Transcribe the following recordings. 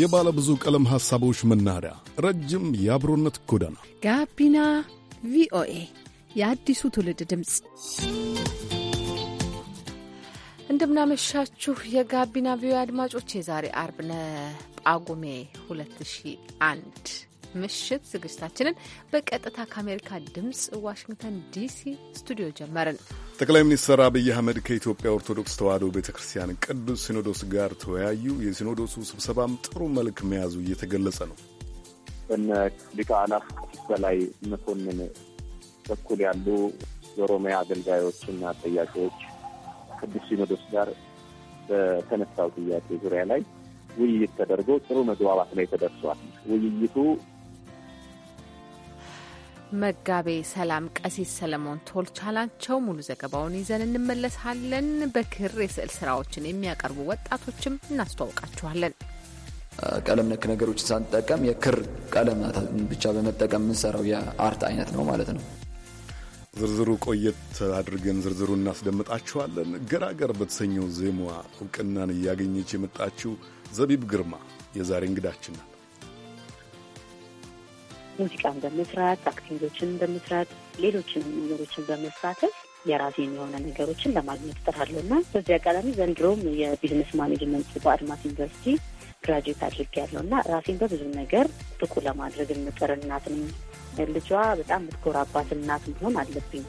የባለ ብዙ ቀለም ሐሳቦች መናኸሪያ፣ ረጅም የአብሮነት ጎዳና ጋቢና ቪኦኤ የአዲሱ ትውልድ ድምፅ። እንደምናመሻችሁ የጋቢና ቪኦኤ አድማጮች፣ የዛሬ አርብ ጳጉሜ 2001 ምሽት ዝግጅታችንን በቀጥታ ከአሜሪካ ድምፅ ዋሽንግተን ዲሲ ስቱዲዮ ጀመርን። ጠቅላይ ሚኒስትር አብይ አህመድ ከኢትዮጵያ ኦርቶዶክስ ተዋሕዶ ቤተ ክርስቲያን ቅዱስ ሲኖዶስ ጋር ተወያዩ። የሲኖዶሱ ስብሰባም ጥሩ መልክ መያዙ እየተገለጸ ነው። እነ ሊቃናፍ በላይ መኮንን በኩል ያሉ የኦሮሚያ አገልጋዮችና ጠያቄዎች ቅዱስ ሲኖዶስ ጋር በተነሳው ጥያቄ ዙሪያ ላይ ውይይት ተደርጎ ጥሩ መግባባት ላይ ተደርሷል። ውይይቱ መጋቤ ሰላም ቀሲስ ሰለሞን ቶልቻ ናቸው። ሙሉ ዘገባውን ይዘን እንመለሳለን። በክር የስዕል ስራዎችን የሚያቀርቡ ወጣቶችም እናስተዋውቃችኋለን። ቀለም ነክ ነገሮችን ሳንጠቀም የክር ቀለም ብቻ በመጠቀም የምንሰራው የአርት አይነት ነው ማለት ነው። ዝርዝሩ ቆየት አድርገን ዝርዝሩ እናስደምጣችኋለን። ገራገር በተሰኘው ዜማዋ እውቅናን እያገኘች የመጣችው ዘቢብ ግርማ የዛሬ እንግዳችን ናት። ሙዚቃን በመስራት አክቲንጎችን በመስራት ሌሎችን ነገሮችን በመሳተፍ የራሴን የሆነ ነገሮችን ለማግኘት እጥራለሁ እና በዚህ አጋጣሚ ዘንድሮም የቢዝነስ ማኔጅመንት በአድማስ ዩኒቨርሲቲ ግራጁዌት ያለው እና ራሴን በብዙ ነገር ብቁ ለማድረግ የምጥር እናትም ልጇ በጣም የምትኮራባት እናት መሆን አለብኝ።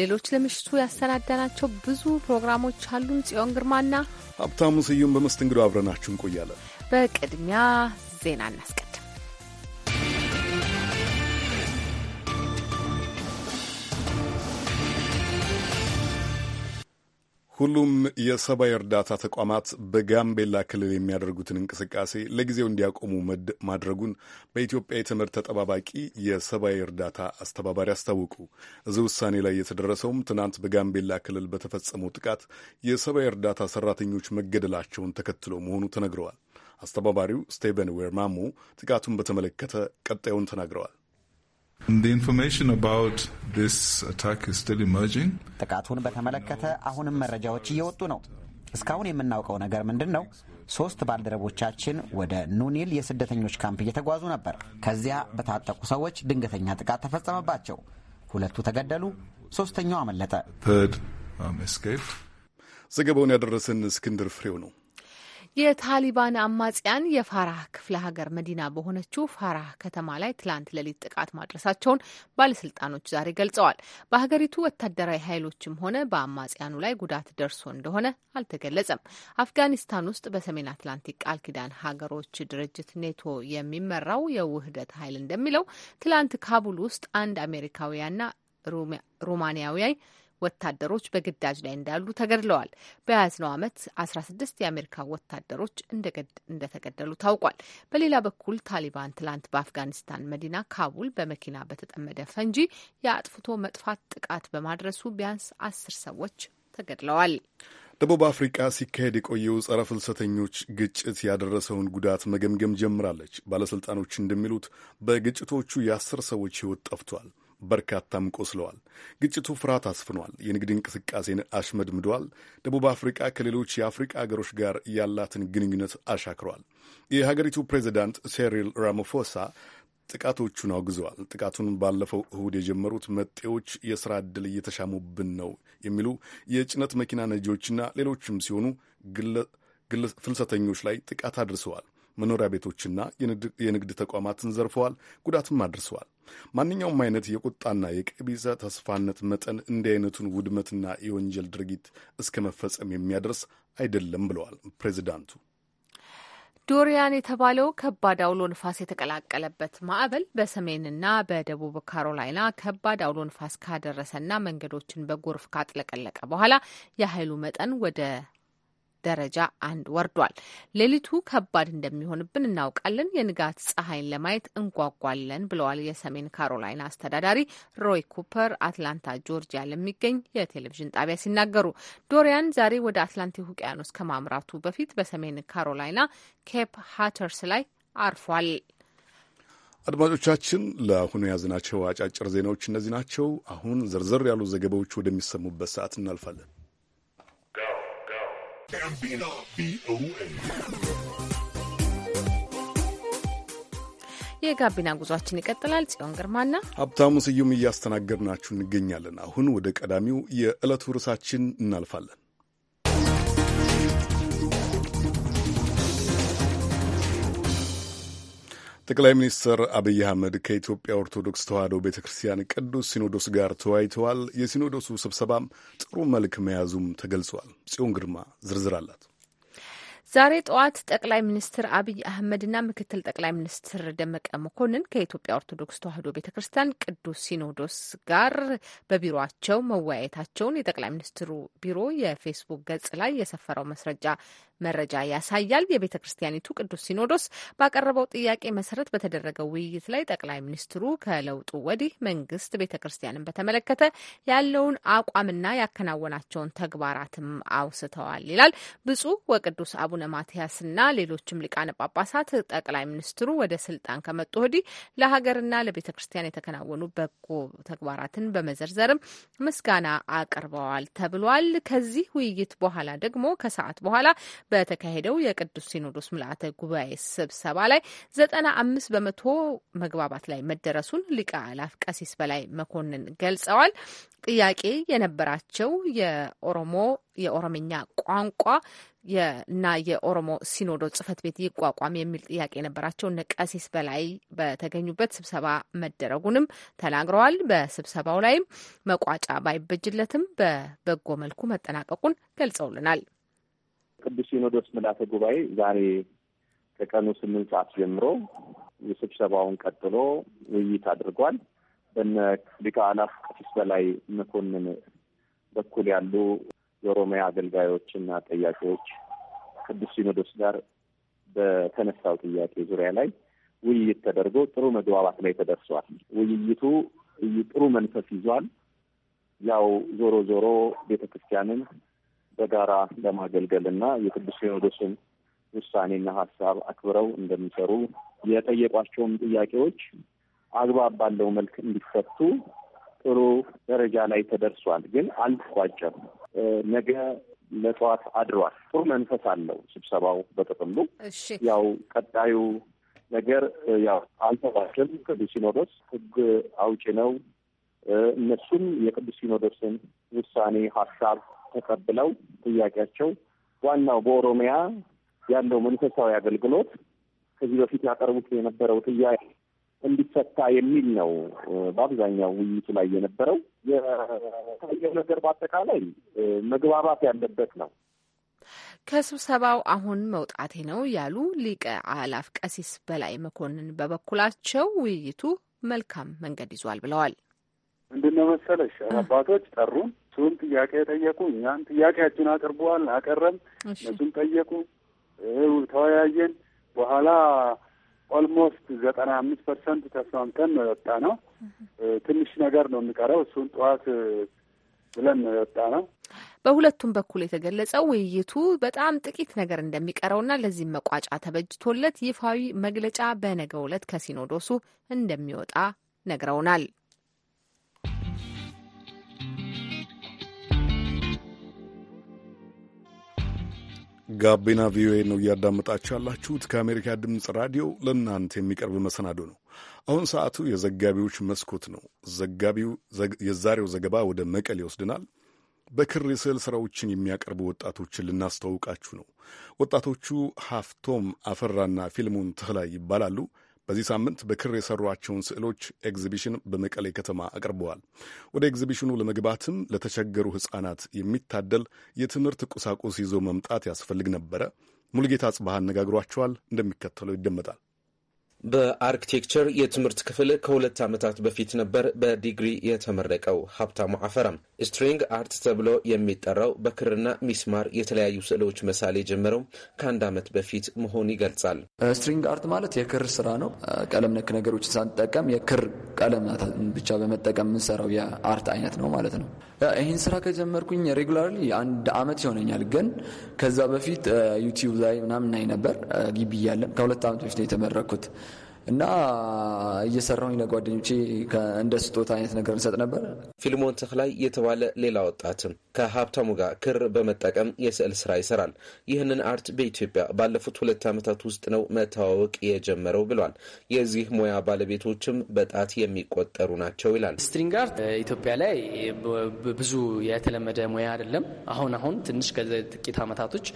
ሌሎች ለምሽቱ ያሰናዳናቸው ብዙ ፕሮግራሞች አሉን። ጽዮን ግርማና ሀብታሙ ስዩም በመስተንግዶ አብረናችሁ እንቆያለን። በቅድሚያ ዜና እናስቀ ሁሉም የሰብአዊ እርዳታ ተቋማት በጋምቤላ ክልል የሚያደርጉትን እንቅስቃሴ ለጊዜው እንዲያቆሙ ማድረጉን በኢትዮጵያ የትምህርት ተጠባባቂ የሰብአዊ እርዳታ አስተባባሪ አስታወቁ። እዚህ ውሳኔ ላይ የተደረሰውም ትናንት በጋምቤላ ክልል በተፈጸመው ጥቃት የሰብአዊ እርዳታ ሰራተኞች መገደላቸውን ተከትሎ መሆኑ ተነግረዋል። አስተባባሪው ስቴቨን ዌርማሞ ጥቃቱን በተመለከተ ቀጣዩን ተናግረዋል። ጥቃቱን በተመለከተ አሁንም መረጃዎች እየወጡ ነው። እስካሁን የምናውቀው ነገር ምንድን ነው? ሶስት ባልደረቦቻችን ወደ ኑኒል የስደተኞች ካምፕ እየተጓዙ ነበር። ከዚያ በታጠቁ ሰዎች ድንገተኛ ጥቃት ተፈጸመባቸው። ሁለቱ ተገደሉ፣ ሶስተኛው አመለጠ። um, ዘገባውን ያደረሰን እስክንድር ፍሬው ነው። የታሊባን አማጽያን የፋራህ ክፍለ ሀገር መዲና በሆነችው ፋራህ ከተማ ላይ ትላንት ሌሊት ጥቃት ማድረሳቸውን ባለስልጣኖች ዛሬ ገልጸዋል። በሀገሪቱ ወታደራዊ ኃይሎችም ሆነ በአማጽያኑ ላይ ጉዳት ደርሶ እንደሆነ አልተገለጸም። አፍጋኒስታን ውስጥ በሰሜን አትላንቲክ ቃል ኪዳን ሀገሮች ድርጅት ኔቶ የሚመራው የውህደት ኃይል እንደሚለው ትላንት ካቡል ውስጥ አንድ አሜሪካውያንና ሩማንያዊ ወታደሮች በግዳጅ ላይ እንዳሉ ተገድለዋል። በያዝነው ዓመት 16 የአሜሪካ ወታደሮች እንደተገደሉ ታውቋል። በሌላ በኩል ታሊባን ትላንት በአፍጋኒስታን መዲና ካቡል በመኪና በተጠመደ ፈንጂ የአጥፍቶ መጥፋት ጥቃት በማድረሱ ቢያንስ አስር ሰዎች ተገድለዋል። ደቡብ አፍሪቃ ሲካሄድ የቆየው ጸረ ፍልሰተኞች ግጭት ያደረሰውን ጉዳት መገምገም ጀምራለች። ባለሥልጣኖች እንደሚሉት በግጭቶቹ የአስር ሰዎች ሕይወት ጠፍቷል። በርካታም ቆስለዋል። ግጭቱ ፍርሃት አስፍኗል፣ የንግድ እንቅስቃሴን አሽመድምደዋል። ደቡብ አፍሪቃ ከሌሎች የአፍሪቃ አገሮች ጋር ያላትን ግንኙነት አሻክረዋል። የሀገሪቱ ፕሬዚዳንት ሴሪል ራማፎሳ ጥቃቶቹን አውግዘዋል። ጥቃቱን ባለፈው እሁድ የጀመሩት መጤዎች የሥራ ዕድል እየተሻሙብን ነው የሚሉ የጭነት መኪና ነጂዎችና ሌሎችም ሲሆኑ ፍልሰተኞች ላይ ጥቃት አድርሰዋል። መኖሪያ ቤቶችና የንግድ ተቋማትን ዘርፈዋል፣ ጉዳትም አድርሰዋል። ማንኛውም አይነት የቁጣና የቀቢጸ ተስፋነት መጠን እንዲህ አይነቱን ውድመትና የወንጀል ድርጊት እስከ መፈጸም የሚያደርስ አይደለም ብለዋል ፕሬዚዳንቱ። ዶሪያን የተባለው ከባድ አውሎ ንፋስ የተቀላቀለበት ማዕበል በሰሜንና በደቡብ ካሮላይና ከባድ አውሎ ንፋስ ካደረሰና መንገዶችን በጎርፍ ካጥለቀለቀ በኋላ የኃይሉ መጠን ወደ ደረጃ አንድ ወርዷል። ሌሊቱ ከባድ እንደሚሆንብን እናውቃለን። የንጋት ፀሐይን ለማየት እንጓጓለን ብለዋል የሰሜን ካሮላይና አስተዳዳሪ ሮይ ኩፐር አትላንታ ጆርጂያ ለሚገኝ የቴሌቪዥን ጣቢያ ሲናገሩ። ዶሪያን ዛሬ ወደ አትላንቲክ ውቅያኖስ ከማምራቱ በፊት በሰሜን ካሮላይና ኬፕ ሃተርስ ላይ አርፏል። አድማጮቻችን ለአሁኑ የያዝናቸው አጫጭር ዜናዎች እነዚህ ናቸው። አሁን ዝርዝር ያሉ ዘገባዎች ወደሚሰሙበት ሰዓት እናልፋለን። ጋቢና ቪኦኤ የጋቢና ጉዟችን ይቀጥላል። ጽዮን ግርማና ሀብታሙ ስዩም እያስተናገድናችሁ እንገኛለን። አሁን ወደ ቀዳሚው የዕለቱ ርዕሳችን እናልፋለን። ጠቅላይ ሚኒስትር አብይ አህመድ ከኢትዮጵያ ኦርቶዶክስ ተዋሕዶ ቤተ ክርስቲያን ቅዱስ ሲኖዶስ ጋር ተወያይተዋል። የሲኖዶሱ ስብሰባም ጥሩ መልክ መያዙም ተገልጿል። ጽዮን ግርማ ዝርዝር አላት። ዛሬ ጠዋት ጠቅላይ ሚኒስትር አብይ አህመድና ምክትል ጠቅላይ ሚኒስትር ደመቀ መኮንን ከኢትዮጵያ ኦርቶዶክስ ተዋሕዶ ቤተ ክርስቲያን ቅዱስ ሲኖዶስ ጋር በቢሮቸው መወያየታቸውን የጠቅላይ ሚኒስትሩ ቢሮ የፌስቡክ ገጽ ላይ የሰፈረው ማስረጃ መረጃ ያሳያል። የቤተ ክርስቲያኒቱ ቅዱስ ሲኖዶስ ባቀረበው ጥያቄ መሰረት በተደረገው ውይይት ላይ ጠቅላይ ሚኒስትሩ ከለውጡ ወዲህ መንግስት ቤተ ክርስቲያንን በተመለከተ ያለውን አቋምና ያከናወናቸውን ተግባራትም አውስተዋል ይላል። ብፁዕ ወቅዱስ አቡነ ማትያስና ሌሎችም ሊቃነ ጳጳሳት ጠቅላይ ሚኒስትሩ ወደ ስልጣን ከመጡ ወዲህ ለሀገርና ለቤተ ክርስቲያን የተከናወኑ በጎ ተግባራትን በመዘርዘርም ምስጋና አቅርበዋል ተብሏል። ከዚህ ውይይት በኋላ ደግሞ ከሰዓት በኋላ በተካሄደው የቅዱስ ሲኖዶስ ምልአተ ጉባኤ ስብሰባ ላይ ዘጠና አምስት በመቶ መግባባት ላይ መደረሱን ሊቀ አላፍ ቀሲስ በላይ መኮንን ገልጸዋል። ጥያቄ የነበራቸው የኦሮሞ የኦሮምኛ ቋንቋ እና የኦሮሞ ሲኖዶስ ጽፈት ቤት ይቋቋም የሚል ጥያቄ የነበራቸው እነ ቀሲስ በላይ በተገኙበት ስብሰባ መደረጉንም ተናግረዋል። በስብሰባው ላይም መቋጫ ባይበጅለትም በበጎ መልኩ መጠናቀቁን ገልጸውልናል። ቅዱስ ሲኖዶስ ምልዓተ ጉባኤ ዛሬ ከቀኑ ስምንት ሰዓት ጀምሮ የስብሰባውን ቀጥሎ ውይይት አድርጓል። በነ ሊቀ አእላፍ ቅዱስ በላይ መኮንን በኩል ያሉ የኦሮሚያ አገልጋዮች እና ጠያቄዎች ቅዱስ ሲኖዶስ ጋር በተነሳው ጥያቄ ዙሪያ ላይ ውይይት ተደርጎ ጥሩ መግባባት ላይ ተደርሷል። ውይይቱ ጥሩ መንፈስ ይዟል። ያው ዞሮ ዞሮ ቤተ ክርስቲያንን በጋራ ለማገልገል ና የቅዱስ ሲኖዶስን ውሳኔና ሀሳብ አክብረው እንደሚሰሩ የጠየቋቸውም ጥያቄዎች አግባብ ባለው መልክ እንዲፈቱ ጥሩ ደረጃ ላይ ተደርሷል። ግን አልተቋጨም። ነገ ለጠዋት አድሯል። ጥሩ መንፈስ አለው ስብሰባው በጥቅሉ። ያው ቀጣዩ ነገር ያው አልተቋጨም። ቅዱስ ሲኖዶስ ህግ አውጪ ነው። እነሱም የቅዱስ ሲኖዶስን ውሳኔ ሀሳብ ተቀብለው ጥያቄያቸው ዋናው በኦሮሚያ ያለው መንፈሳዊ አገልግሎት ከዚህ በፊት ያቀርቡት የነበረው ጥያቄ እንዲፈታ የሚል ነው። በአብዛኛው ውይይቱ ላይ የነበረው የታየው ነገር በአጠቃላይ መግባባት ያለበት ነው። ከስብሰባው አሁን መውጣቴ ነው ያሉ ሊቀ አላፍ ቀሲስ በላይ መኮንን በበኩላቸው ውይይቱ መልካም መንገድ ይዟል ብለዋል። ምንድን ነው መሰለሽ አባቶች ጠሩን እሱም ጥያቄ ጠየቁ። እኛም ጥያቄያችን አቅርበዋል፣ አቀረም፣ እነሱም ጠየቁ፣ ተወያየን። በኋላ ኦልሞስት ዘጠና አምስት ፐርሰንት ተስማምተን ነው የወጣ ነው። ትንሽ ነገር ነው የሚቀረው፣ እሱን ጠዋት ብለን ነው የወጣ ነው። በሁለቱም በኩል የተገለጸው ውይይቱ በጣም ጥቂት ነገር እንደሚቀረውና ለዚህም መቋጫ ተበጅቶለት ይፋዊ መግለጫ በነገው ዕለት ከሲኖዶሱ እንደሚወጣ ነግረውናል። ጋቢና ቪኦኤ ነው እያዳመጣችሁ ያላችሁት። ከአሜሪካ ድምፅ ራዲዮ ለእናንተ የሚቀርብ መሰናዶ ነው። አሁን ሰዓቱ የዘጋቢዎች መስኮት ነው። ዘጋቢው የዛሬው ዘገባ ወደ መቀሌ ይወስድናል። በክር የስዕል ሥራዎችን የሚያቀርቡ ወጣቶችን ልናስተዋውቃችሁ ነው። ወጣቶቹ ሀፍቶም አፈራና ፊልሙን ትህላይ ይባላሉ። በዚህ ሳምንት በክር የሰሯቸውን ስዕሎች ኤግዚቢሽን በመቀሌ ከተማ አቅርበዋል። ወደ ኤግዚቢሽኑ ለመግባትም ለተቸገሩ ሕጻናት የሚታደል የትምህርት ቁሳቁስ ይዞ መምጣት ያስፈልግ ነበረ። ሙልጌታ ጽባህ አነጋግሯቸዋል፣ እንደሚከተለው ይደመጣል። በአርክቴክቸር የትምህርት ክፍል ከሁለት ዓመታት በፊት ነበር በዲግሪ የተመረቀው ሀብታሙ አፈራም። ስትሪንግ አርት ተብሎ የሚጠራው በክርና ሚስማር የተለያዩ ስዕሎች መሳል የጀመረው ከአንድ ዓመት በፊት መሆን ይገልጻል። ስትሪንግ አርት ማለት የክር ስራ ነው። ቀለም ነክ ነገሮችን ሳንጠቀም የክር ቀለማት ብቻ በመጠቀም የምንሰራው የአርት አይነት ነው ማለት ነው። ይህን ስራ ከጀመርኩኝ ሬጉላርሊ አንድ ዓመት ይሆነኛል። ግን ከዛ በፊት ዩቲዩብ ላይ ምናምን ናይ ነበር ግቢ እያለን ከሁለት ዓመት በፊት ነው የተመረኩት። እና እየሰራሁኝ ለጓደኞቼ እንደ ስጦታ አይነት ነገር እንሰጥ ነበር። ፊልሞን ተክላይ የተባለ ሌላ ወጣትም ከሀብታሙ ጋር ክር በመጠቀም የስዕል ስራ ይሰራል። ይህንን አርት በኢትዮጵያ ባለፉት ሁለት ዓመታት ውስጥ ነው መተዋወቅ የጀመረው ብሏል። የዚህ ሙያ ባለቤቶችም በጣት የሚቆጠሩ ናቸው ይላል። ስትሪንግ አርት ኢትዮጵያ ላይ ብዙ የተለመደ ሙያ አይደለም። አሁን አሁን ትንሽ ከጥቂት ዓመታቶች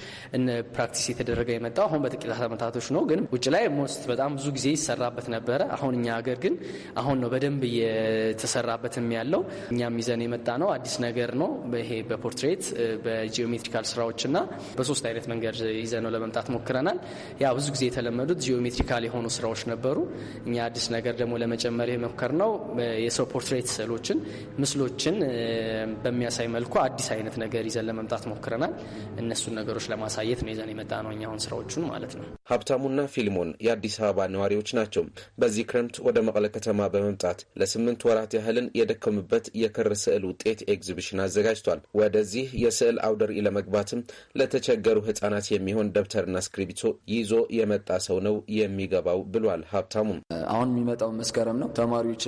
ፕራክቲስ የተደረገ የመጣው አሁን በጥቂት ዓመታቶች ነው። ግን ውጭ ላይ ሞስት በጣም ብዙ ጊዜ ይሰራል ሲሰራበት ነበረ። አሁን እኛ ሀገር ግን አሁን ነው በደንብ እየተሰራበትም ያለው። እኛም ይዘን የመጣ ነው አዲስ ነገር ነው። ይሄ በፖርትሬት በጂኦሜትሪካል ስራዎችና በሶስት አይነት መንገድ ይዘን ነው ለመምጣት ሞክረናል። ያ ብዙ ጊዜ የተለመዱት ጂኦሜትሪካል የሆኑ ስራዎች ነበሩ። እኛ አዲስ ነገር ደግሞ ለመጨመር ነው የሰው ፖርትሬት ስዕሎችን፣ ምስሎችን በሚያሳይ መልኩ አዲስ አይነት ነገር ይዘን ለመምጣት ሞክረናል። እነሱን ነገሮች ለማሳየት ነው ይዘን የመጣ ነው እኛ አሁን ስራዎቹን ማለት ነው። ሀብታሙና ፊልሞን የአዲስ አበባ ነዋሪዎች ናቸው። ናቸው። በዚህ ክረምት ወደ መቀለ ከተማ በመምጣት ለስምንት ወራት ያህልን የደከሙበት የክር ስዕል ውጤት ኤግዚቢሽን አዘጋጅቷል። ወደዚህ የስዕል አውደ ለመግባትም ለተቸገሩ ህጻናት የሚሆን ደብተርና እስክሪብቶ ይዞ የመጣ ሰው ነው የሚገባው ብሏል። ሀብታሙም አሁን የሚመጣው መስከረም ነው። ተማሪዎች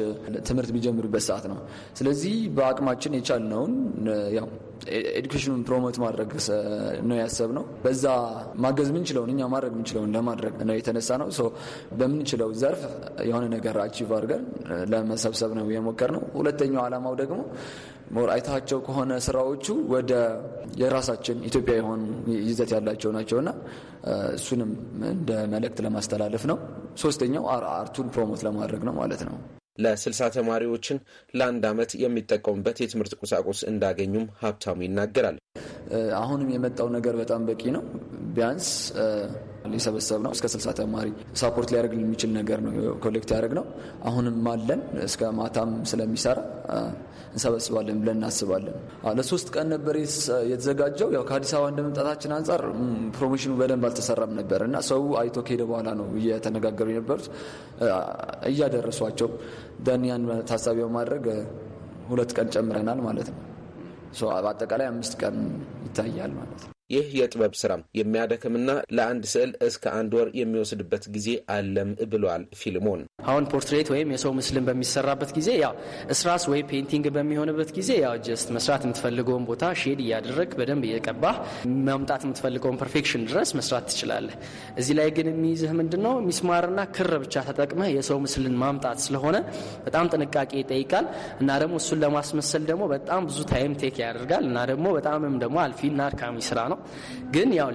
ትምህርት የሚጀምሩበት ሰዓት ነው። ስለዚህ በአቅማችን የቻልነውን ያው ኤዱኬሽኑን ፕሮሞት ማድረግ ነው ነው። በዛ ማገዝ ምንችለውን እኛ ማድረግ ምንችለውን ለማድረግ ነው የተነሳ ነው። በምንችለው ዘርፍ የሆነ ነገር አቺቭ አድርገን ለመሰብሰብ ነው የሞከር ነው ሁለተኛው ዓላማው ደግሞ ሞር አይታቸው ከሆነ ስራዎቹ ወደ የራሳችን ኢትዮጵያ የሆኑ ይዘት ያላቸው ናቸውና እሱንም እንደ መልእክት ለማስተላለፍ ነው። ሶስተኛው አርቱን ፕሮሞት ለማድረግ ነው ማለት ነው። ለስልሳ ተማሪዎችን ለአንድ ዓመት የሚጠቀሙበት የትምህርት ቁሳቁስ እንዳገኙም ሀብታሙ ይናገራል። አሁንም የመጣው ነገር በጣም በቂ ነው። ቢያንስ ሊሰበሰብ ነው እስከ 60 ተማሪ ሳፖርት ሊያደርግ የሚችል ነገር ነው ኮሌክት ያደርግ ነው። አሁንም አለን እስከ ማታም ስለሚሰራ እንሰበስባለን ብለን እናስባለን። ለሶስት ቀን ነበር የተዘጋጀው። ያው ከአዲስ አበባ እንደመምጣታችን አንጻር ፕሮሞሽኑ በደንብ አልተሰራም ነበር እና ሰው አይቶ ከሄደ በኋላ ነው እየተነጋገሩ የነበሩት እያደረሷቸው ደንያን ታሳቢ በማድረግ ሁለት ቀን ጨምረናል ማለት ነው። በአጠቃላይ አምስት ቀን ይታያል ማለት ነው። ይህ የጥበብ ስራ የሚያደክምና ለአንድ ስዕል እስከ አንድ ወር የሚወስድበት ጊዜ አለም ብሏል ፊልሞን። አሁን ፖርትሬት ወይም የሰው ምስልን በሚሰራበት ጊዜ ያው እስራስ ወይ ፔይንቲንግ በሚሆንበት ጊዜ ያው ጀስት መስራት የምትፈልገውን ቦታ ሼድ እያደረግ በደንብ እየቀባህ መምጣት የምትፈልገውን ፐርፌክሽን ድረስ መስራት ትችላለህ። እዚህ ላይ ግን የሚይዝህ ምንድነው ሚስማርና ክር ብቻ ተጠቅመህ የሰው ምስልን ማምጣት ስለሆነ በጣም ጥንቃቄ ይጠይቃል እና ደግሞ እሱን ለማስመሰል ደግሞ በጣም ብዙ ታይም ቴክ ያደርጋል እና ደግሞ በጣምም ደግሞ አልፊና አድካሚ ስራ ነው። ግን ያው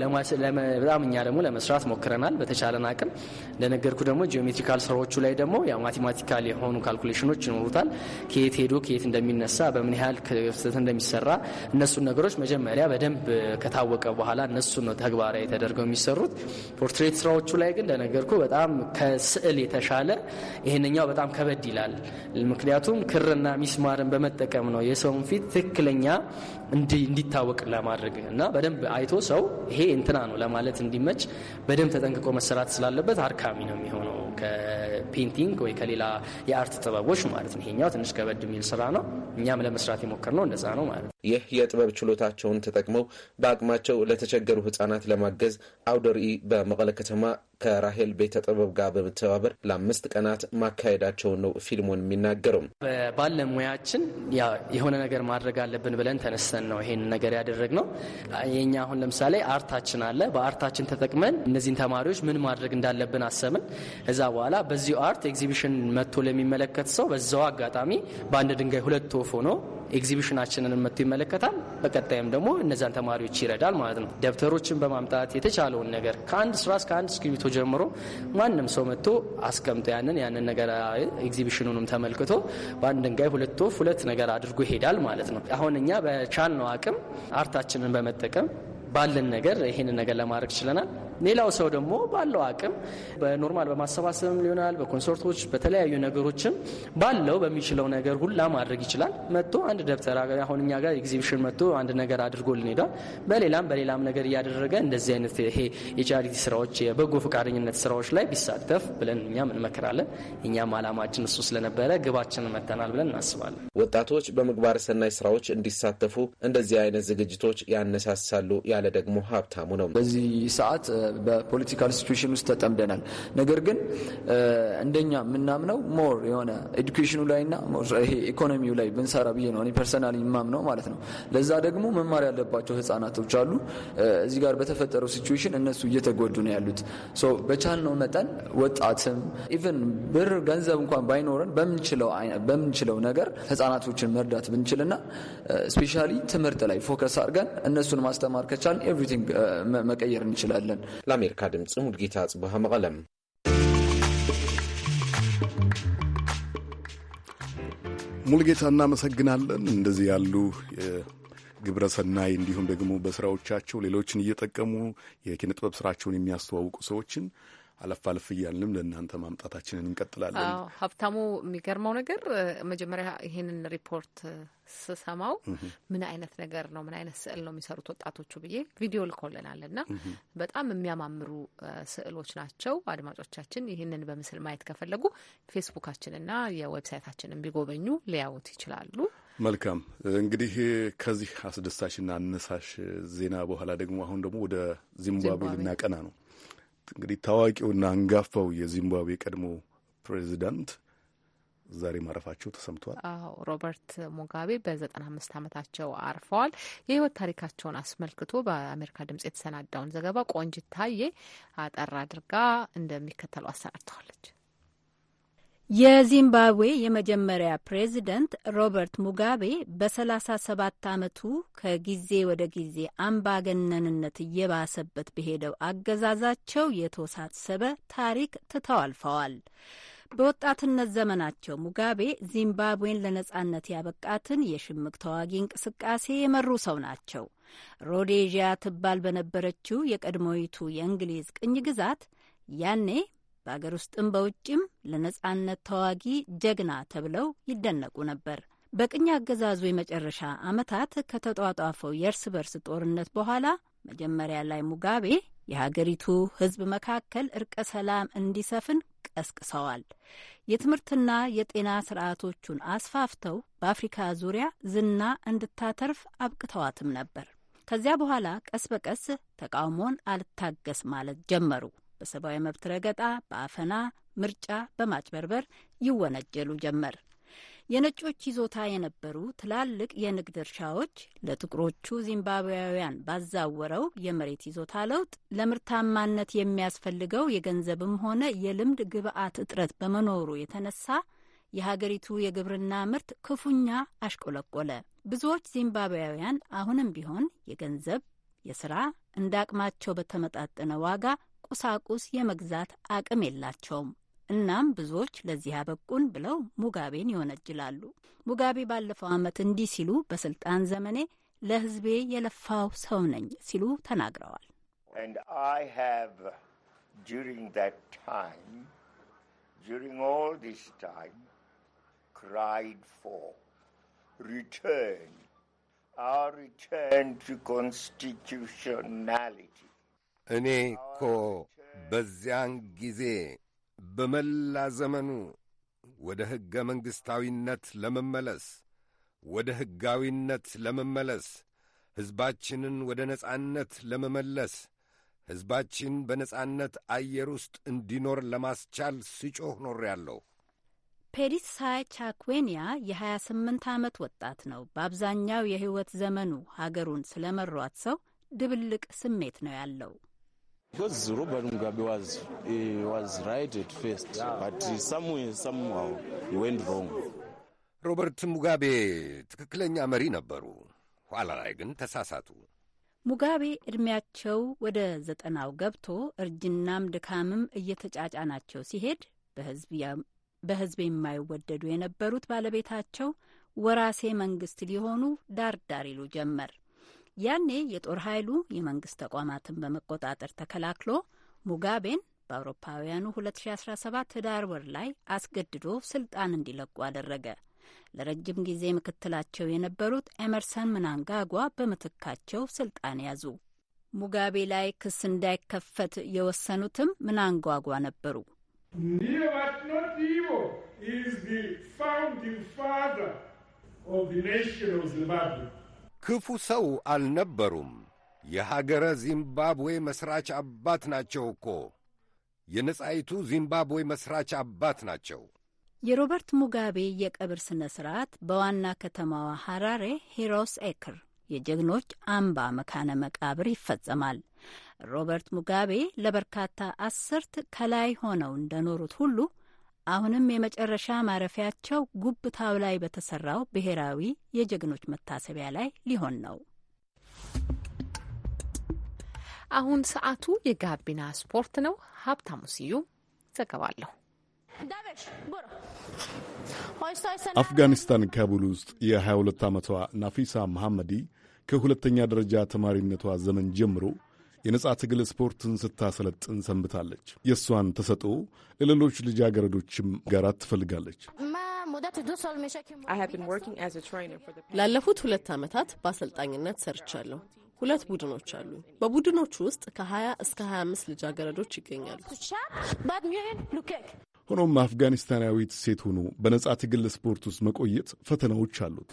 በጣም እኛ ደግሞ ለመስራት ሞክረናል በተቻለን አቅም። እንደነገርኩ ደግሞ ጂኦሜትሪካል ስራዎቹ ላይ ደግሞ ያው ማቴማቲካል የሆኑ ካልኩሌሽኖች ይኖሩታል። ከየት ሄዶ ከየት እንደሚነሳ በምን ያህል ክፍተት እንደሚሰራ እነሱን ነገሮች መጀመሪያ በደንብ ከታወቀ በኋላ እነሱ ነው ተግባራዊ ተደርገው የሚሰሩት። ፖርትሬት ስራዎቹ ላይ ግን እንደነገርኩ በጣም ከስዕል የተሻለ ይህንኛው በጣም ከበድ ይላል። ምክንያቱም ክርና ሚስማርን በመጠቀም ነው የሰውን ፊት ትክክለኛ እንዲታወቅ ለማድረግ እና በደንብ አይቶ ሰው ይሄ እንትና ነው ለማለት እንዲመች በደንብ ተጠንቅቆ መሰራት ስላለበት አድካሚ ነው የሚሆነው ከፔንቲንግ ወይ ከሌላ የአርት ጥበቦች ማለት ነው። ይሄኛው ትንሽ ከበድ የሚል ስራ ነው። እኛም ለመስራት የሞከርነው እንደዛ ነው ማለት ነው። ይህ የጥበብ ችሎታቸውን ተጠቅመው በአቅማቸው ለተቸገሩ ህጻናት ለማገዝ አውደ ርዕይ በመቀለ ከተማ ከራሄል ቤተ ጥበብ ጋር በመተባበር ለአምስት ቀናት ማካሄዳቸውን ነው ፊልሙን የሚናገረው። ባለሙያችን የሆነ ነገር ማድረግ አለብን ብለን ተነስተን ነው ይሄን ነገር ያደረግ ነው። የኛ አሁን ለምሳሌ አርታችን አለ። በአርታችን ተጠቅመን እነዚህን ተማሪዎች ምን ማድረግ እንዳለብን አሰብን። እዛ በኋላ በዚሁ አርት ኤግዚቢሽን መጥቶ ለሚመለከት ሰው በዛው አጋጣሚ በአንድ ድንጋይ ሁለት ወፍ ሆኖ ኤግዚቢሽናችንን መጥቶ ይመለከታል። በቀጣይም ደግሞ እነዛን ተማሪዎች ይረዳል ማለት ነው። ደብተሮችን በማምጣት የተቻለውን ነገር ከአንድ ስራ እስከ አንድ እስክሪብቶ ጀምሮ ማንም ሰው መጥቶ አስቀምጦ ያንን ያንን ነገር ኤግዚቢሽኑንም ተመልክቶ በአንድ ድንጋይ ሁለት ወፍ ሁለት ነገር አድርጎ ይሄዳል ማለት ነው። አሁን እኛ በቻልነው አቅም አርታችንን በመጠቀም ባለን ነገር ይህንን ነገር ለማድረግ ችለናል። ሌላው ሰው ደግሞ ባለው አቅም በኖርማል በማሰባሰብም ሊሆናል፣ በኮንሰርቶች በተለያዩ ነገሮችም ባለው በሚችለው ነገር ሁላ ማድረግ ይችላል። መጥቶ አንድ ደብተር አሁን እኛ ጋር ኤግዚቢሽን መጥቶ አንድ ነገር አድርጎልን ሄዷል። በሌላም በሌላም ነገር እያደረገ እንደዚህ አይነት ይሄ የቻሪቲ ስራዎች የበጎ ፈቃደኝነት ስራዎች ላይ ቢሳተፍ ብለን እኛም እንመክራለን። እኛም አላማችን እሱ ስለነበረ ግባችንን መተናል ብለን እናስባለን። ወጣቶች በምግባረ ሰናይ ስራዎች እንዲሳተፉ እንደዚህ አይነት ዝግጅቶች ያነሳሳሉ ያለ ደግሞ ሀብታሙ ነው በዚህ ሰዓት በፖለቲካል ሲትዌሽን ውስጥ ተጠምደናል። ነገር ግን እንደኛ የምናምነው ሞር የሆነ ኤዱኬሽኑ ላይና ይሄ ኢኮኖሚው ላይ ብንሰራ ብዬ ነው እኔ ፐርሰናል የማምነው ማለት ነው። ለዛ ደግሞ መማር ያለባቸው ህጻናቶች አሉ። እዚህ ጋር በተፈጠረው ሲትዌሽን እነሱ እየተጎዱ ነው ያሉት። በቻልነው መጠን ወጣትም ኢቨን ብር ገንዘብ እንኳን ባይኖረን በምንችለው ነገር ህጻናቶችን መርዳት ብንችልና ስፔሻሊ ትምህርት ላይ ፎከስ አድርገን እነሱን ማስተማር ከቻልን ኤቭሪቲንግ መቀየር እንችላለን። ለአሜሪካ ድምፅ ሙልጌታ ጽቡሃ መቐለም። ሙልጌታ እናመሰግናለን። እንደዚህ ያሉ ግብረ ሰናይ እንዲሁም ደግሞ በስራዎቻቸው ሌሎችን እየጠቀሙ የኪነ ጥበብ ስራቸውን የሚያስተዋውቁ ሰዎችን አለፍ አለፍ እያልንም ለእናንተ ማምጣታችንን እንቀጥላለን። ሀብታሙ፣ የሚገርመው ነገር መጀመሪያ ይህንን ሪፖርት ስሰማው ምን አይነት ነገር ነው ምን አይነት ስዕል ነው የሚሰሩት ወጣቶቹ ብዬ ቪዲዮ ልኮልናል እና በጣም የሚያማምሩ ስዕሎች ናቸው። አድማጮቻችን ይህንን በምስል ማየት ከፈለጉ ፌስቡካችንና የዌብሳይታችንን ቢጎበኙ ሊያዩት ይችላሉ። መልካም እንግዲህ ከዚህ አስደሳችና አነሳሽ ዜና በኋላ ደግሞ አሁን ደግሞ ወደ ዚምባብዌ ልናቀና ነው። እንግዲህ ታዋቂውና አንጋፋው የዚምባብዌ ቀድሞ ፕሬዚዳንት ዛሬ ማረፋቸው ተሰምቷል። አዎ ሮበርት ሙጋቤ በዘጠና አምስት ዓመታቸው አርፈዋል። የህይወት ታሪካቸውን አስመልክቶ በአሜሪካ ድምጽ የተሰናዳውን ዘገባ ቆንጅት ታዬ አጠር አድርጋ እንደሚከተለው አሰናድተዋለች። የዚምባብዌ የመጀመሪያ ፕሬዚደንት ሮበርት ሙጋቤ በሰላሳ ሰባት ዓመቱ ከጊዜ ወደ ጊዜ አምባገነንነት እየባሰበት በሄደው አገዛዛቸው የተወሳሰበ ታሪክ ትተው አልፈዋል። በወጣትነት ዘመናቸው ሙጋቤ ዚምባብዌን ለነጻነት ያበቃትን የሽምቅ ተዋጊ እንቅስቃሴ የመሩ ሰው ናቸው። ሮዴዥያ ትባል በነበረችው የቀድሞይቱ የእንግሊዝ ቅኝ ግዛት ያኔ በአገር ውስጥም በውጭም ለነጻነት ተዋጊ ጀግና ተብለው ይደነቁ ነበር። በቅኝ አገዛዙ የመጨረሻ ዓመታት ከተጧጧፈው የእርስ በርስ ጦርነት በኋላ መጀመሪያ ላይ ሙጋቤ የሀገሪቱ ሕዝብ መካከል እርቀ ሰላም እንዲሰፍን ቀስቅሰዋል። የትምህርትና የጤና ስርዓቶቹን አስፋፍተው በአፍሪካ ዙሪያ ዝና እንድታተርፍ አብቅተዋትም ነበር። ከዚያ በኋላ ቀስ በቀስ ተቃውሞን አልታገስ ማለት ጀመሩ። በሰብአዊ መብት ረገጣ፣ በአፈና ምርጫ በማጭበርበር ይወነጀሉ ጀመር። የነጮች ይዞታ የነበሩ ትላልቅ የንግድ እርሻዎች ለጥቁሮቹ ዚምባብዌያውያን ባዛወረው የመሬት ይዞታ ለውጥ ለምርታማነት የሚያስፈልገው የገንዘብም ሆነ የልምድ ግብዓት እጥረት በመኖሩ የተነሳ የሀገሪቱ የግብርና ምርት ክፉኛ አሽቆለቆለ። ብዙዎች ዚምባብዌያውያን አሁንም ቢሆን የገንዘብ፣ የስራ እንደ አቅማቸው በተመጣጠነ ዋጋ ቁሳቁስ የመግዛት አቅም የላቸውም። እናም ብዙዎች ለዚህ አበቁን ብለው ሙጋቤን ይወነጅላሉ። ሙጋቤ ባለፈው ዓመት እንዲህ ሲሉ በስልጣን ዘመኔ ለሕዝቤ የለፋው ሰው ነኝ ሲሉ ተናግረዋል። ሪተርን ሪተርን ቱ ኮንስቲቱሽናሊቲ እኔ እኮ በዚያን ጊዜ በመላ ዘመኑ ወደ ሕገ መንግሥታዊነት ለመመለስ ወደ ሕጋዊነት ለመመለስ ሕዝባችንን ወደ ነጻነት ለመመለስ ሕዝባችን በነጻነት አየር ውስጥ እንዲኖር ለማስቻል ስጮህ ያለሁ ፔሪሳይ ቻኩዌንያ የ28 ዓመት ወጣት ነው። በአብዛኛው የሕይወት ዘመኑ ሀገሩን ስለመሯት ሰው ድብልቅ ስሜት ነው ያለው። Because Robert Mugabe was, he was right at first, but somewhere, somehow he went wrong. ሮበርት ሙጋቤ ትክክለኛ መሪ ነበሩ፣ ኋላ ላይ ግን ተሳሳቱ። ሙጋቤ ዕድሜያቸው ወደ ዘጠናው ገብቶ እርጅናም ድካምም እየተጫጫናቸው ሲሄድ በሕዝብ የማይወደዱ የነበሩት ባለቤታቸው ወራሴ መንግስት ሊሆኑ ዳርዳር ይሉ ጀመር። ያኔ የጦር ኃይሉ የመንግስት ተቋማትን በመቆጣጠር ተከላክሎ ሙጋቤን በአውሮፓውያኑ 2017 ህዳር ወር ላይ አስገድዶ ስልጣን እንዲለቁ አደረገ። ለረጅም ጊዜ ምክትላቸው የነበሩት ኤመርሰን ምናንጋጓ በምትካቸው ስልጣን ያዙ። ሙጋቤ ላይ ክስ እንዳይከፈት የወሰኑትም ምናንጓጓ ነበሩ። ኒባትኖት ክፉ ሰው አልነበሩም። የሀገረ ዚምባብዌ መሥራች አባት ናቸው እኮ የነጻይቱ ዚምባብዌ መሥራች አባት ናቸው። የሮበርት ሙጋቤ የቀብር ሥነ ሥርዓት በዋና ከተማዋ ሐራሬ ሂሮስ ኤክር የጀግኖች አምባ መካነ መቃብር ይፈጸማል። ሮበርት ሙጋቤ ለበርካታ አስርት ከላይ ሆነው እንደኖሩት ሁሉ አሁንም የመጨረሻ ማረፊያቸው ጉብታው ላይ በተሰራው ብሔራዊ የጀግኖች መታሰቢያ ላይ ሊሆን ነው። አሁን ሰዓቱ የጋቢና ስፖርት ነው። ሀብታሙ ስዩም ዘገባለሁ። አፍጋኒስታን ካቡል ውስጥ የ22 ዓመቷ ናፊሳ መሐመዲ ከሁለተኛ ደረጃ ተማሪነቷ ዘመን ጀምሮ የነጻ ትግል ስፖርትን ስታሰለጥን ሰንብታለች። የእሷን ተሰጦ ለሌሎች ልጃገረዶችም ጋራ ትፈልጋለች። ላለፉት ሁለት ዓመታት በአሰልጣኝነት ሰርቻለሁ። ሁለት ቡድኖች አሉ። በቡድኖቹ ውስጥ ከ20 እስከ 25 ልጃገረዶች ይገኛሉ። ሆኖም አፍጋኒስታናዊት ሴት ሆኖ በነጻ ትግል ስፖርት ውስጥ መቆየት ፈተናዎች አሉት።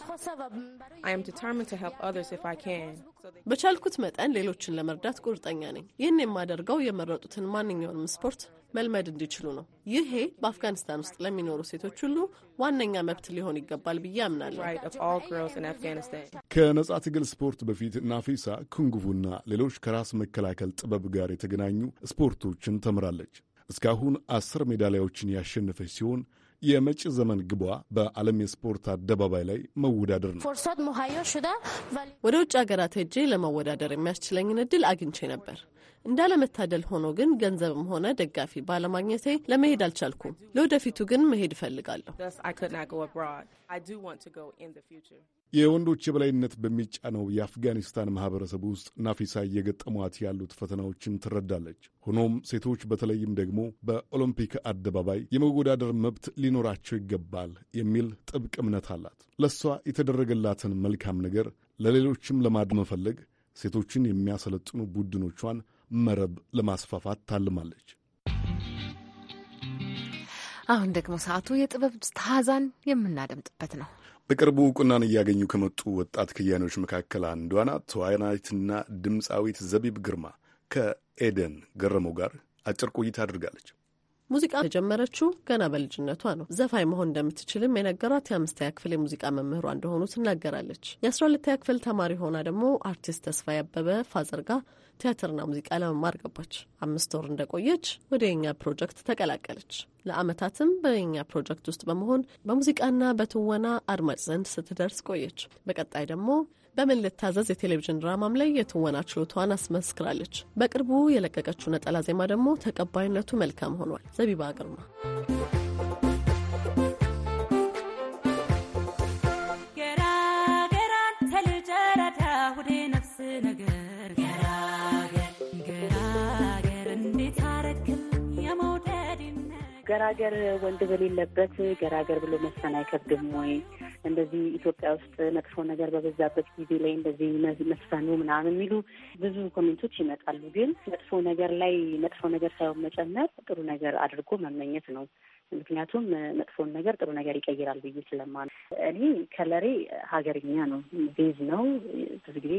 በቻልኩት መጠን ሌሎችን ለመርዳት ቁርጠኛ ነኝ። ይህን የማደርገው የመረጡትን ማንኛውንም ስፖርት መልመድ እንዲችሉ ነው። ይሄ በአፍጋኒስታን ውስጥ ለሚኖሩ ሴቶች ሁሉ ዋነኛ መብት ሊሆን ይገባል ብዬ አምናለሁ። ከነጻ ትግል ስፖርት በፊት ናፊሳ ኩንጉቡና ሌሎች ከራስ መከላከል ጥበብ ጋር የተገናኙ ስፖርቶችን ተምራለች። እስካሁን አስር ሜዳሊያዎችን ያሸነፈች ሲሆን የመጪ ዘመን ግቧ በዓለም የስፖርት አደባባይ ላይ መወዳደር ነው። ወደ ውጭ ሀገራት ሄጄ ለመወዳደር የሚያስችለኝን እድል አግኝቼ ነበር። እንዳለመታደል ሆኖ ግን ገንዘብም ሆነ ደጋፊ ባለማግኘቴ ለመሄድ አልቻልኩም። ለወደፊቱ ግን መሄድ እፈልጋለሁ። የወንዶች የበላይነት በሚጫነው የአፍጋኒስታን ማህበረሰብ ውስጥ ናፊሳ እየገጠሟት ያሉት ፈተናዎችን ትረዳለች። ሆኖም ሴቶች በተለይም ደግሞ በኦሎምፒክ አደባባይ የመወዳደር መብት ሊኖራቸው ይገባል የሚል ጥብቅ እምነት አላት። ለእሷ የተደረገላትን መልካም ነገር ለሌሎችም ለማድረግ መፈለግ ሴቶችን የሚያሰለጥኑ ቡድኖቿን መረብ ለማስፋፋት ታልማለች። አሁን ደግሞ ሰዓቱ የጥበብ ታዛን የምናደምጥበት ነው። በቅርቡ እውቅናን እያገኙ ከመጡ ወጣት ከያኔዎች መካከል አንዷ ናት ተዋናይትና ድምፃዊት ዘቢብ ግርማ ከኤደን ገረመው ጋር አጭር ቆይታ አድርጋለች። ሙዚቃ የጀመረችው ገና በልጅነቷ ነው። ዘፋኝ መሆን እንደምትችልም የነገሯት የአምስተኛ ክፍል የሙዚቃ መምህሯ እንደሆኑ ትናገራለች። የአስራ ሁለተኛ ክፍል ተማሪ ሆና ደግሞ አርቲስት ተስፋ ያበበ ፋዘርጋ ቲያትርና ሙዚቃ ለመማር ገባች። አምስት ወር እንደቆየች ወደ የኛ ፕሮጀክት ተቀላቀለች። ለአመታትም በኛ ፕሮጀክት ውስጥ በመሆን በሙዚቃና በትወና አድማጭ ዘንድ ስትደርስ ቆየች። በቀጣይ ደግሞ በምን ልታዘዝ የቴሌቪዥን ድራማም ላይ የትወና ችሎቷን አስመስክራለች። በቅርቡ የለቀቀችው ነጠላ ዜማ ደግሞ ተቀባይነቱ መልካም ሆኗል። ዘቢባ ግርማ ገራገር ወንድ በሌለበት ገራገር ብሎ መስፈን አይከብድም ወይ? እንደዚህ ኢትዮጵያ ውስጥ መጥፎ ነገር በበዛበት ጊዜ ላይ እንደዚህ መስፈኑ ምናምን የሚሉ ብዙ ኮሜንቶች ይመጣሉ። ግን መጥፎ ነገር ላይ መጥፎ ነገር ሳይሆን መጨመር ጥሩ ነገር አድርጎ መመኘት ነው። ምክንያቱም መጥፎን ነገር ጥሩ ነገር ይቀይራል ብዬ ስለማ እኔ ከለሬ ሀገርኛ ነው፣ ቤዝ ነው። ብዙ ጊዜ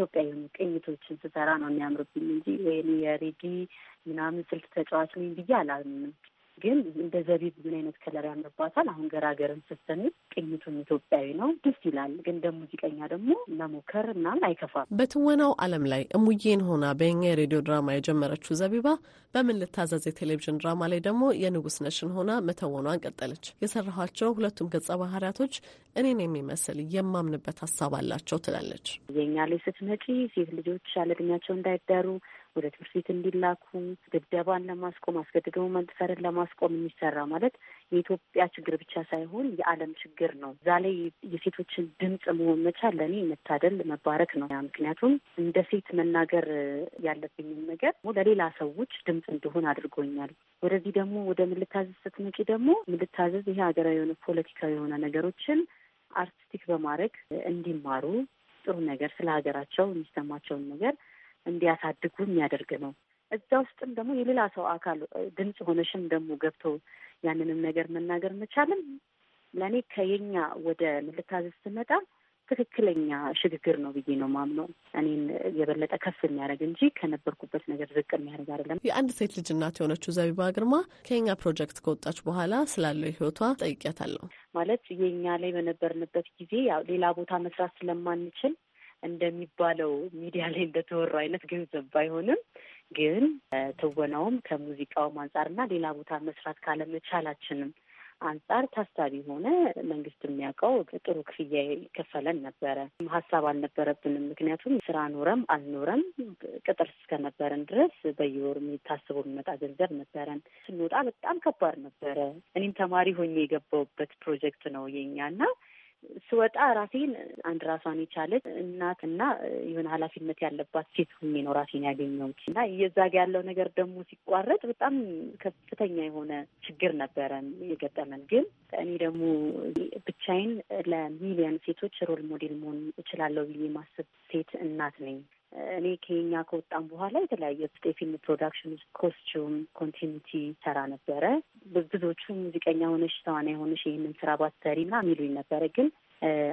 የሆኑ ቅኝቶችን ስሰራ ነው የሚያምርብኝ እንጂ ወይም የሬጌ ምናምን ስልት ተጫዋች ነኝ ብዬ አላምንም። ግን እንደ ዘቢብ ምን አይነት ከለር ያምርባታል። አሁን ገራገርን ስትሰንት ቅኝቱን ኢትዮጵያዊ ነው፣ ደስ ይላል። ግን እንደ ሙዚቀኛ ደግሞ መሞከር ምናምን አይከፋም። በትወናው አለም ላይ እሙዬን ሆና በኛ የሬዲዮ ድራማ የጀመረችው ዘቢባ በምን ልታዘዝ የቴሌቪዥን ድራማ ላይ ደግሞ የንጉስ ነሽን ሆና መተወኗን ቀጠለች። የሰራኋቸው ሁለቱም ገጸ ባህሪያቶች እኔን የሚመስል የማምንበት ሀሳብ አላቸው ትላለች። የኛ ላይ ስትመጪ ሴት ልጆች ያለ እድሜያቸው እንዳይዳሩ ወደ ትምህርት ቤት እንዲላኩ፣ ድብደባን ለማስቆም አስገድዶ መድፈርን ለማስቆም የሚሰራ ማለት የኢትዮጵያ ችግር ብቻ ሳይሆን የዓለም ችግር ነው። እዛ ላይ የሴቶችን ድምፅ መሆን መቻል ለእኔ መታደል መባረክ ነው። ምክንያቱም እንደ ሴት መናገር ያለብኝን ነገር ለሌላ ሰዎች ድምፅ እንደሆን አድርጎኛል። ወደዚህ ደግሞ ወደ ምልታዘዝ ስትመጪ ደግሞ ምልታዘዝ ይሄ ሀገራዊ የሆነ ፖለቲካዊ የሆነ ነገሮችን አርቲስቲክ በማድረግ እንዲማሩ ጥሩ ነገር ስለ ሀገራቸው የሚሰማቸውን ነገር እንዲያሳድጉ የሚያደርግ ነው። እዛ ውስጥም ደግሞ የሌላ ሰው አካል ድምፅ ሆነሽም ደግሞ ገብቶ ያንንም ነገር መናገር መቻልም ለእኔ ከየኛ ወደ ምልታዘዝ ስመጣ ትክክለኛ ሽግግር ነው ብዬ ነው ማምነው። እኔን የበለጠ ከፍ የሚያደርግ እንጂ ከነበርኩበት ነገር ዝቅ የሚያደርግ አይደለም። የአንድ ሴት ልጅ እናት የሆነችው ዘቢባ ግርማ ከኛ ፕሮጀክት ከወጣች በኋላ ስላለው ህይወቷ ጠይቄያታለሁ። ማለት የኛ ላይ በነበርንበት ጊዜ ያው ሌላ ቦታ መስራት ስለማንችል እንደሚባለው ሚዲያ ላይ እንደተወራ አይነት ገንዘብ ባይሆንም ግን ትወናውም ከሙዚቃውም አንጻርና ሌላ ቦታ መስራት ካለመቻላችንም አንጻር ታሳቢ ሆነ መንግስት የሚያውቀው ጥሩ ክፍያ ይከፈለን ነበረ። ሀሳብ አልነበረብንም። ምክንያቱም ስራ ኖረም አልኖረም ቅጥር እስከነበረን ድረስ በየወሩ የሚታስቦ የሚመጣ ገንዘብ ነበረን። ስንወጣ በጣም ከባድ ነበረ። እኔም ተማሪ ሆኜ የገባውበት ፕሮጀክት ነው የኛና ስወጣ ራሴን አንድ ራሷን የቻለች እናት እና የሆነ ኃላፊነት ያለባት ሴት ሆኜ ነው ራሴን ያገኘሁት እና እየዛ ያለው ነገር ደግሞ ሲቋረጥ በጣም ከፍተኛ የሆነ ችግር ነበረ የገጠመን። ግን እኔ ደግሞ ብቻዬን ለሚሊዮን ሴቶች ሮል ሞዴል መሆን እችላለሁ ብዬ ማሰብ ሴት እናት ነኝ። እኔ ከኛ ከወጣም በኋላ የተለያዩ የፊልም ፕሮዳክሽን ውስጥ ኮስቹም ኮንቲኒቲ ሰራ ነበረ። ብዙዎቹ ሙዚቀኛ ሆነሽ ተዋናይ ሆነሽ ይህንን ስራ ባትሰሪ ና የሚሉኝ ነበረ። ግን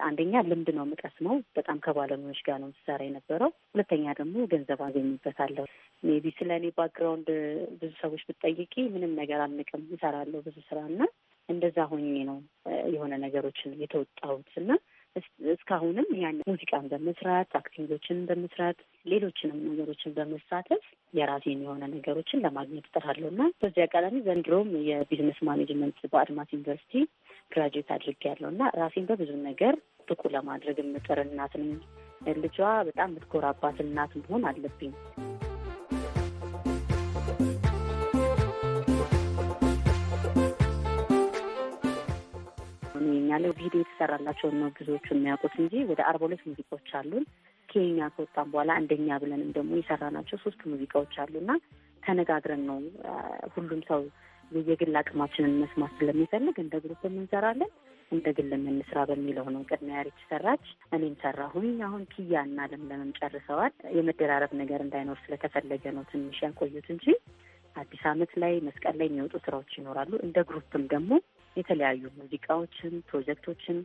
አንደኛ ልምድ ነው የምቀስመው፣ በጣም ከባለሙያዎች ጋር ነው የምሰራ የነበረው። ሁለተኛ ደግሞ ገንዘብ አገኝበታለሁ። ሜቢ ስለ እኔ ባክግራውንድ ብዙ ሰዎች ብትጠይቂ ምንም ነገር አንቅም እሰራለሁ ብዙ ስራ እና እንደዛ ሆኜ ነው የሆነ ነገሮችን የተወጣሁት እና እስካሁንም ያን ሙዚቃን በመስራት አክቲንጎችን በመስራት ሌሎችንም ነገሮችን በመሳተፍ የራሴን የሆነ ነገሮችን ለማግኘት እጥራለሁ እና በዚህ አጋጣሚ ዘንድሮም የቢዝነስ ማኔጅመንት በአድማስ ዩኒቨርሲቲ ግራጁዌት አድርጌያለሁ እና ራሴን በብዙ ነገር ብቁ ለማድረግ የምጥር እናት ልጇ በጣም የምትኮራባት እናት መሆን አለብኝ። ያገኘኛል። ቪዲዮ የተሰራላቸውን ነው ብዙዎቹ የሚያውቁት እንጂ ወደ አርባ ሁለት ሙዚቃዎች አሉን። ከኛ ከወጣም በኋላ አንደኛ ብለንም ደግሞ የሰራናቸው ሶስት ሙዚቃዎች አሉና ተነጋግረን ነው ሁሉም ሰው የግል አቅማችንን መስማት ስለሚፈልግ እንደ ግሩፕ እንሰራለን እንደ ግል የምንስራ በሚለው ነው። ቅድሚያ ያሬች ሰራች፣ እኔም ሰራሁኝ። አሁን ኪያ እና ለምለምም ጨርሰዋል። የመደራረብ ነገር እንዳይኖር ስለተፈለገ ነው ትንሽ ያቆዩት እንጂ አዲስ ዓመት ላይ መስቀል ላይ የሚወጡ ስራዎች ይኖራሉ። እንደ ግሩፕም ደግሞ የተለያዩ ሙዚቃዎችን፣ ፕሮጀክቶችን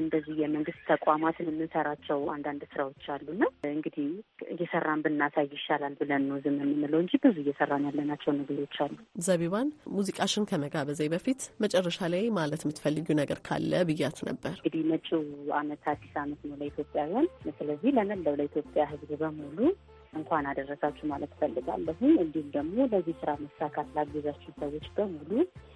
እንደዚህ የመንግስት ተቋማትን የምንሰራቸው አንዳንድ ስራዎች አሉና እንግዲህ እየሰራን ብናሳይ ይሻላል ብለን ነው ዝም የምንለው እንጂ ብዙ እየሰራን ያለናቸው ነገሮች አሉ። ዘቢባን ሙዚቃሽን ከመጋበዜ በፊት መጨረሻ ላይ ማለት የምትፈልጊው ነገር ካለ ብያት ነበር። እንግዲህ መጪው አመት አዲስ አመት ነው ለኢትዮጵያውያን። ስለዚህ ለመላው ለኢትዮጵያ ህዝብ በሙሉ እንኳን አደረሳችሁ ማለት ፈልጋለሁ። እንዲሁም ደግሞ ለዚህ ስራ መሳካት ላገዛችሁ ሰዎች በሙሉ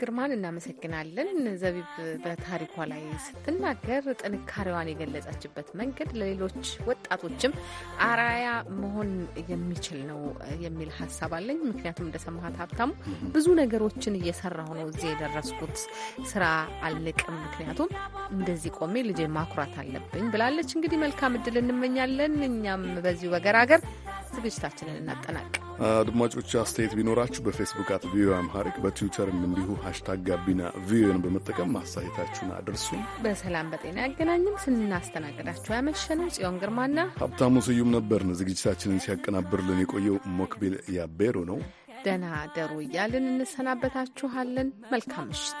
ግርማን እናመሰግናለን። ዘቢብ በታሪኳ ላይ ስትናገር ጥንካሬዋን የገለጸችበት መንገድ ለሌሎች ወጣቶችም አራያ መሆን የሚችል ነው የሚል ሀሳብ አለኝ። ምክንያቱም እንደሰማሃት ሀብታሙ ብዙ ነገሮችን እየሰራሁ ነው እዚህ የደረስኩት ስራ አልንቅም፣ ምክንያቱም እንደዚህ ቆሜ ልጄ ማኩራት አለብኝ ብላለች። እንግዲህ መልካም እድል እንመኛለን። እኛም በዚሁ በገራገር ዝግጅታችንን እናጠናቅ። አድማጮች አስተያየት ቢኖራችሁ በፌስቡክ አት ቪኦኤ አምሃሪክ በትዊተርም እንዲሁ ሀሽታግ ጋቢና ቪኦኤን በመጠቀም ማሳየታችሁን አድርሱ። በሰላም በጤና ያገናኝም። ስናስተናግዳችሁ ያመሸነው ጽዮን ግርማና ሀብታሙ ስዩም ነበርን። ዝግጅታችንን ሲያቀናብርልን የቆየው ሞክቢል ያቤሮ ነው። ደህና ደሩ እያልን እንሰናበታችኋለን። መልካም ምሽት።